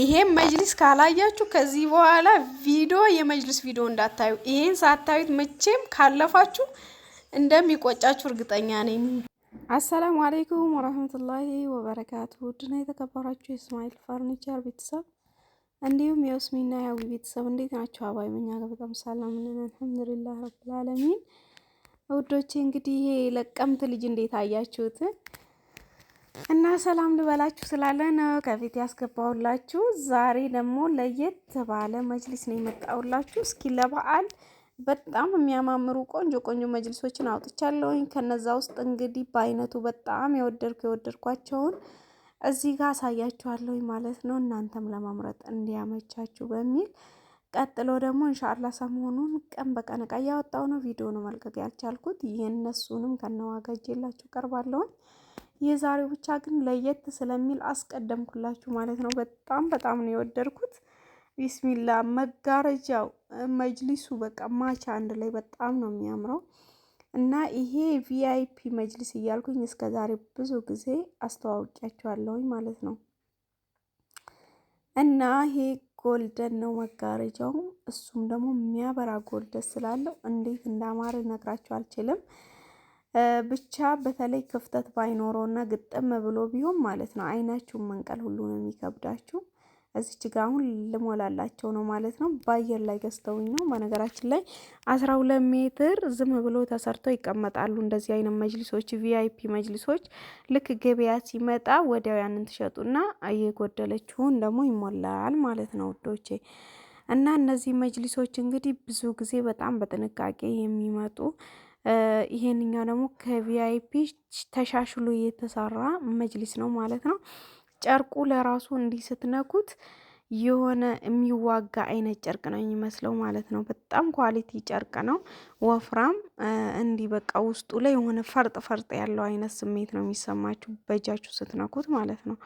ይሄን መጅሊስ ካላያችሁ ከዚህ በኋላ ቪዲዮ የመጅሊስ ቪዲዮ እንዳታዩ። ይሄን ሳታዩት መቼም ካለፋችሁ እንደሚቆጫችሁ እርግጠኛ ነኝ። አሰላሙ አሌይኩም ወረህመቱላሂ ወበረካቱ። ውድና የተከበራችሁ የእስማኤል ፈርኒቸር ቤተሰብ እንዲሁም የውስሚና ያዊ ቤተሰብ እንዴት ናቸው? አባይ መኛ ጋር በጣም ሰላም ነን፣ አልሐምዱሊላህ ረብል ውዶቼ እንግዲህ ይሄ ለቀምት ልጅ እንዴት አያችሁት? እና ሰላም ልበላችሁ ስላለ ነው ከፊት ያስገባውላችሁ። ዛሬ ደግሞ ለየት ባለ መጅሊስ ነው የመጣውላችሁ። እስኪ ለበዓል በጣም የሚያማምሩ ቆንጆ ቆንጆ መጅሊሶችን አውጥቻለሁኝ። ከነዛ ውስጥ እንግዲህ በአይነቱ በጣም የወደድኩ የወደድኳቸውን እዚህ ጋር አሳያችኋለሁኝ ማለት ነው፣ እናንተም ለማምረጥ እንዲያመቻችሁ በሚል ቀጥሎ ደግሞ እንሻላ ሰሞኑን ቀን በቀን እቃ እያወጣው ነው። ቪዲዮ ነው መልቀቅ ያልቻልኩት። የእነሱንም ከነዋጋ ይዤላችሁ ቀርባለሁኝ። የዛሬው ብቻ ግን ለየት ስለሚል አስቀደምኩላችሁ ማለት ነው። በጣም በጣም ነው የወደድኩት። ቢስሚላ መጋረጃው፣ መጅሊሱ በቃ ማቻ አንድ ላይ በጣም ነው የሚያምረው እና ይሄ ቪአይፒ መጅሊስ እያልኩኝ እስከ ዛሬ ብዙ ጊዜ አስተዋውቂያቸዋለሁኝ ማለት ነው። እና ይሄ ጎልደን ነው መጋረጃው፣ እሱም ደግሞ የሚያበራ ጎልደን ስላለው እንዴት እንዳማረ ነግራቸው አልችልም። ብቻ በተለይ ክፍተት ባይኖረው እና ግጥም ብሎ ቢሆን ማለት ነው አይናችሁን መንቀል ሁሉ ነው የሚከብዳችሁ። እዚች ጋ አሁን ልሞላላቸው ነው ማለት ነው። በአየር ላይ ገዝተውኝ ነው። በነገራችን ላይ አስራ ሁለት ሜትር ዝም ብሎ ተሰርተው ይቀመጣሉ። እንደዚህ አይነት መጅሊሶች፣ ቪአይፒ መጅሊሶች ልክ ገበያ ሲመጣ ወዲያው ያንን ትሸጡና የጎደለችውን ደግሞ ይሞላል ማለት ነው ውዶቼ። እና እነዚህ መጅሊሶች እንግዲህ ብዙ ጊዜ በጣም በጥንቃቄ የሚመጡ ይሄንኛው ደግሞ ከቪአይፒ ተሻሽሎ የተሰራ መጅሊስ ነው ማለት ነው። ጨርቁ ለራሱ እንዲህ ስትነኩት የሆነ የሚዋጋ አይነት ጨርቅ ነው የሚመስለው ማለት ነው። በጣም ኳሊቲ ጨርቅ ነው፣ ወፍራም እንዲህ በቃ ውስጡ ላይ የሆነ ፈርጥ ፈርጥ ያለው አይነት ስሜት ነው የሚሰማችሁ በእጃችሁ ስትነኩት ማለት ነው።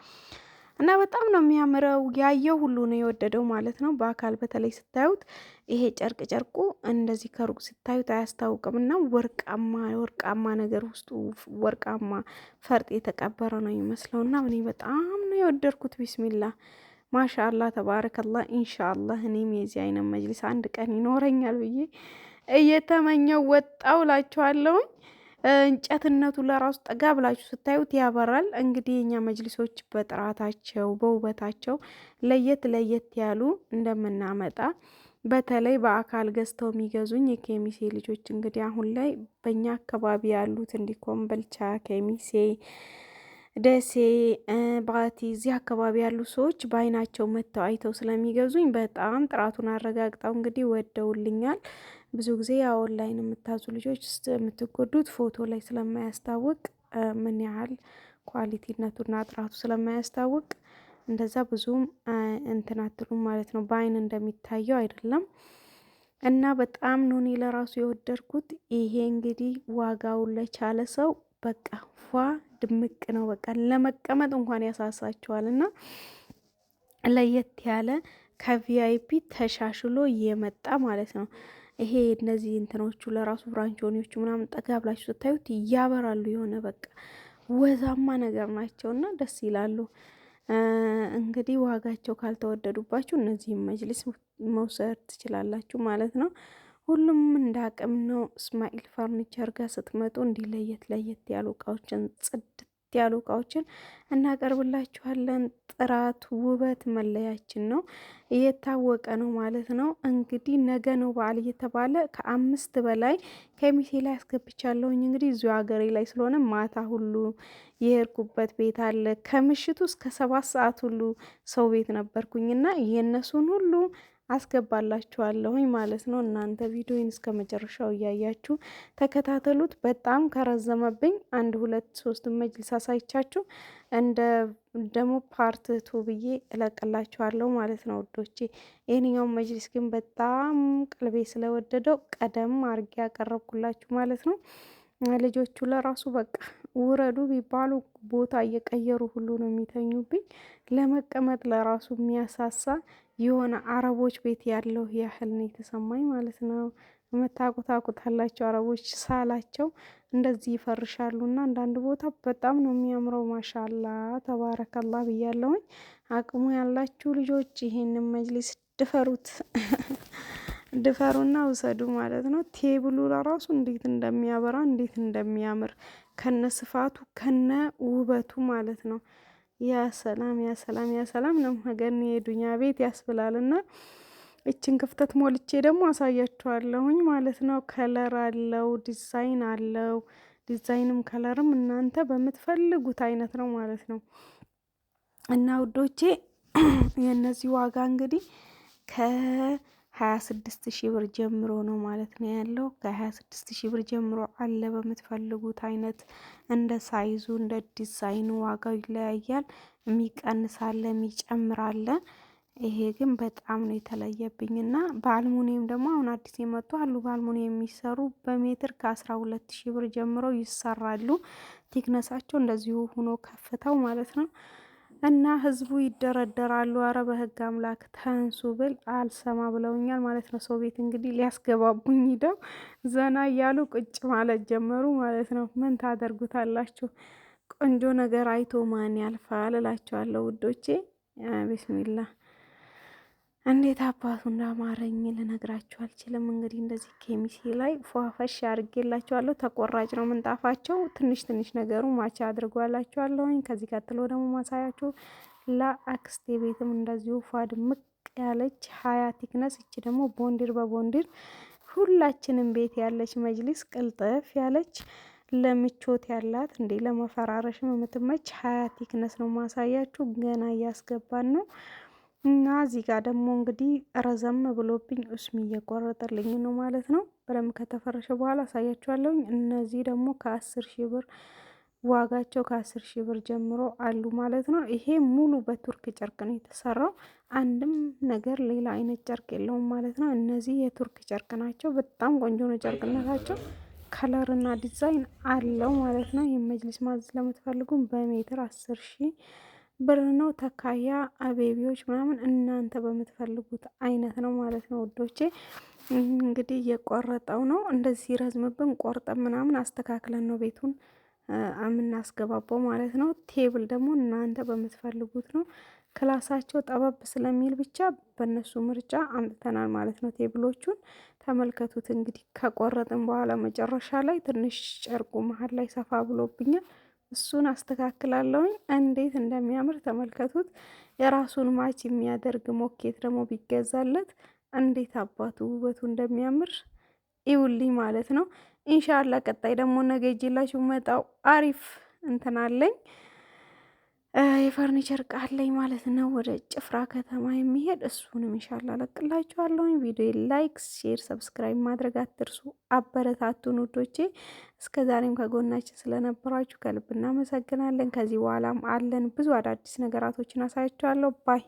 እና በጣም ነው የሚያምረው። ያየው ሁሉ ነው የወደደው ማለት ነው። በአካል በተለይ ስታዩት ይሄ ጨርቅ ጨርቁ እንደዚህ ከሩቅ ስታዩት አያስታውቅም እና ወርቃማ ወርቃማ ነገር ውስጡ ወርቃማ ፈርጥ የተቀበረ ነው የሚመስለው እና እኔ በጣም ነው የወደድኩት። ቢስሚላ ማሻላ ተባረከላ። ኢንሻአላህ እኔም የዚህ አይነት መጅሊስ አንድ ቀን ይኖረኛል ብዬ እየተመኘው ወጣው ላችኋለሁኝ። እንጨትነቱ ለራሱ ጠጋ ብላችሁ ስታዩት ያበራል። እንግዲህ የኛ መጅሊሶች በጥራታቸው በውበታቸው ለየት ለየት ያሉ እንደምናመጣ በተለይ በአካል ገዝተው የሚገዙኝ የኬሚሴ ልጆች እንግዲህ አሁን ላይ በእኛ አካባቢ ያሉት እንዲህ ኮምበልቻ፣ ኬሚሴ፣ ደሴ፣ ባቲ እዚህ አካባቢ ያሉ ሰዎች በአይናቸው መጥተው አይተው ስለሚገዙኝ በጣም ጥራቱን አረጋግጠው እንግዲህ ወደውልኛል። ብዙ ጊዜ ኦንላይን የምታዙ ልጆች የምትጎዱት ፎቶ ላይ ስለማያስታውቅ ምን ያህል ኳሊቲነቱና ጥራቱ ስለማያስታውቅ እንደዛ ብዙም እንትን ማለት ነው። በአይን እንደሚታየው አይደለም እና በጣም ነው ለራሱ የወደድኩት። ይሄ እንግዲህ ዋጋውን ለቻለ ሰው በቃ ፏ ድምቅ ነው። በቃ ለመቀመጥ እንኳን ያሳሳችኋል እና ለየት ያለ ከቪአይፒ ተሻሽሎ የመጣ ማለት ነው። ይሄ እነዚህ እንትኖቹ ለራሱ ብራንቾኒዎቹ ምናምን ጠጋ ብላችሁ ስታዩት ያበራሉ። የሆነ በቃ ወዛማ ነገር ናቸው እና ደስ ይላሉ። እንግዲህ ዋጋቸው ካልተወደዱባችሁ እነዚህም መጅልስ መውሰድ ትችላላችሁ ማለት ነው። ሁሉም እንደ አቅም ነው። እስማኤል ፈርኒቸር ጋር ስትመጡ እንዲህ ለየት ለየት ያሉ እቃዎችን ጽድ ያሉ እቃዎችን እናቀርብላችኋለን። ጥራት፣ ውበት መለያችን ነው፣ እየታወቀ ነው ማለት ነው። እንግዲህ ነገ ነው በዓል እየተባለ ከአምስት በላይ ከሚሴ ላይ አስገብቻለሁኝ። እንግዲህ እዚሁ ሀገሬ ላይ ስለሆነ ማታ ሁሉ የሄድኩበት ቤት አለ። ከምሽቱ እስከ ሰባት ሰዓት ሁሉ ሰው ቤት ነበርኩኝና የእነሱን ሁሉ አስገባላችኋለሁኝ ማለት ነው። እናንተ ቪዲዮን እስከ መጨረሻው እያያችሁ ተከታተሉት። በጣም ከረዘመብኝ አንድ ሁለት ሶስት መጅልስ አሳይቻችሁ እንደ ደግሞ ፓርት ቱ ብዬ እለቅላችኋለሁ ማለት ነው ውዶቼ። ይህንኛው መጅልስ ግን በጣም ቅልቤ ስለወደደው ቀደም አርጌ ያቀረብኩላችሁ ማለት ነው። ልጆቹ ለራሱ በቃ ውረዱ ቢባሉ ቦታ እየቀየሩ ሁሉ ነው የሚተኙብኝ። ለመቀመጥ ለራሱ የሚያሳሳ የሆነ አረቦች ቤት ያለው ያህል ነው የተሰማኝ ማለት ነው። የምታቁታቁታላቸው አረቦች ሳላቸው እንደዚህ ይፈርሻሉ እና አንዳንድ ቦታ በጣም ነው የሚያምረው። ማሻላ ተባረከላ ብያለውኝ። አቅሙ ያላችሁ ልጆች ይሄንን መጅሊስ ድፈሩት፣ ድፈሩና ውሰዱ ማለት ነው። ቴብሉ ለራሱ እንዴት እንደሚያበራ እንዴት እንደሚያምር ከነ ስፋቱ ከነ ውበቱ ማለት ነው። ያ ሰላም ያ ሰላም ያ ሰላም ነው ሀገር የዱኛ ቤት ያስብላልና እችን ክፍተት ሞልቼ ደግሞ አሳያችኋለሁኝ ማለት ነው። ከለር አለው፣ ዲዛይን አለው። ዲዛይንም ከለርም እናንተ በምትፈልጉት አይነት ነው ማለት ነው። እና ውዶቼ የእነዚህ ዋጋ እንግዲህ ከ 26 ሺህ ብር ጀምሮ ነው ማለት ነው ያለው። ከ26 ሺህ ብር ጀምሮ አለ በምትፈልጉት አይነት እንደ ሳይዙ እንደ ዲዛይኑ ዋጋው ይለያያል። የሚቀንሳለ የሚጨምራለ። ይሄ ግን በጣም ነው የተለየብኝ እና በአልሙኒየም ደግሞ አሁን አዲስ የመጡ አሉ። በአልሙኒየም የሚሰሩ በሜትር ከ12000 ብር ጀምሮ ይሰራሉ። ቲክነሳቸው እንደዚሁ ሆኖ ከፍተው ማለት ነው እና ህዝቡ ይደረደራሉ። አረ በህግ አምላክ ተንሱ ብል አልሰማ ብለውኛል ማለት ነው። ሰው ቤት እንግዲህ ሊያስገባቡኝ ሂደው ዘና እያሉ ቁጭ ማለት ጀመሩ ማለት ነው። ምን ታደርጉታላችሁ? ቆንጆ ነገር አይቶ ማን ያልፋል እላችኋለሁ ውዶቼ። ቢስሚላ እንዴት አባቱ እንዳማረኝ ልነግራችሁ አልችልም። እንግዲህ እንደዚህ ኬሚሴ ላይ ፏፈሽ አድርጌላችኋለሁ። ተቆራጭ ነው ምንጣፋቸው። ትንሽ ትንሽ ነገሩ ማቻ አድርጓላችኋለሁኝ። ከዚህ ቀጥሎ ደግሞ ማሳያችሁ ለአክስቴ ቤትም እንደዚሁ ፏ ያለች ሀያ ቲክነስ እች ደግሞ ቦንዲር በቦንዲር ሁላችንም ቤት ያለች መጅሊስ ቅልጥፍ ያለች ለምቾት ያላት እንዴ ለመፈራረሽም የምትመች ሀያ ቲክነስ ነው ማሳያችሁ። ገና እያስገባን ነው እና እዚህ ጋር ደግሞ እንግዲህ ረዘም ብሎብኝ እሱም እየቆረጠልኝ ነው ማለት ነው። በደንብ ከተፈረሸ በኋላ አሳያችኋለሁኝ። እነዚህ ደግሞ ከአስር ሺህ ብር ዋጋቸው ከአስር ሺህ ብር ጀምሮ አሉ ማለት ነው። ይሄ ሙሉ በቱርክ ጨርቅ ነው የተሰራው። አንድም ነገር ሌላ አይነት ጨርቅ የለውም ማለት ነው። እነዚህ የቱርክ ጨርቅ ናቸው። በጣም ቆንጆ ነው ጨርቅነታቸው። ከለር እና ዲዛይን አለው ማለት ነው። ይህ መጅሊስ ማዘዝ ለምትፈልጉም በሜትር አስር ሺህ ብር ነው ተካያ አቤቢዎች ምናምን እናንተ በምትፈልጉት አይነት ነው ማለት ነው ውዶቼ። እንግዲህ እየቆረጠው ነው እንደዚህ ረዝምብን ቆርጠን ምናምን አስተካክለን ነው ቤቱን የምናስገባባው ማለት ነው። ቴብል ደግሞ እናንተ በምትፈልጉት ነው። ክላሳቸው ጠበብ ስለሚል ብቻ በእነሱ ምርጫ አምጥተናል ማለት ነው። ቴብሎቹን ተመልከቱት እንግዲህ ከቆረጥን በኋላ መጨረሻ ላይ ትንሽ ጨርቁ መሀል ላይ ሰፋ ብሎብኛል። እሱን አስተካክላለሁኝ። እንዴት እንደሚያምር ተመልከቱት። የራሱን ማች የሚያደርግ ሞኬት ደግሞ ቢገዛለት እንዴት አባቱ ውበቱ እንደሚያምር ይውልኝ ማለት ነው። ኢንሻላ ቀጣይ ደግሞ ነገ ይዤላችሁ መጣው አሪፍ እንትን አለኝ። የፈርኒቸር እቃ አለኝ ማለት ነው። ወደ ጭፍራ ከተማ የሚሄድ እሱንም ኢንሻላ ለቅላችኋለሁኝ። ቪዲዮ ላይክ፣ ሼር፣ ሰብስክራይብ ማድረግ አትርሱ። አበረታቱን ውዶቼ። እስከ ዛሬም ከጎናችን ስለነበራችሁ ከልብ እናመሰግናለን። ከዚህ በኋላም አለን ብዙ አዳዲስ ነገራቶችን አሳያችኋለሁ ባይ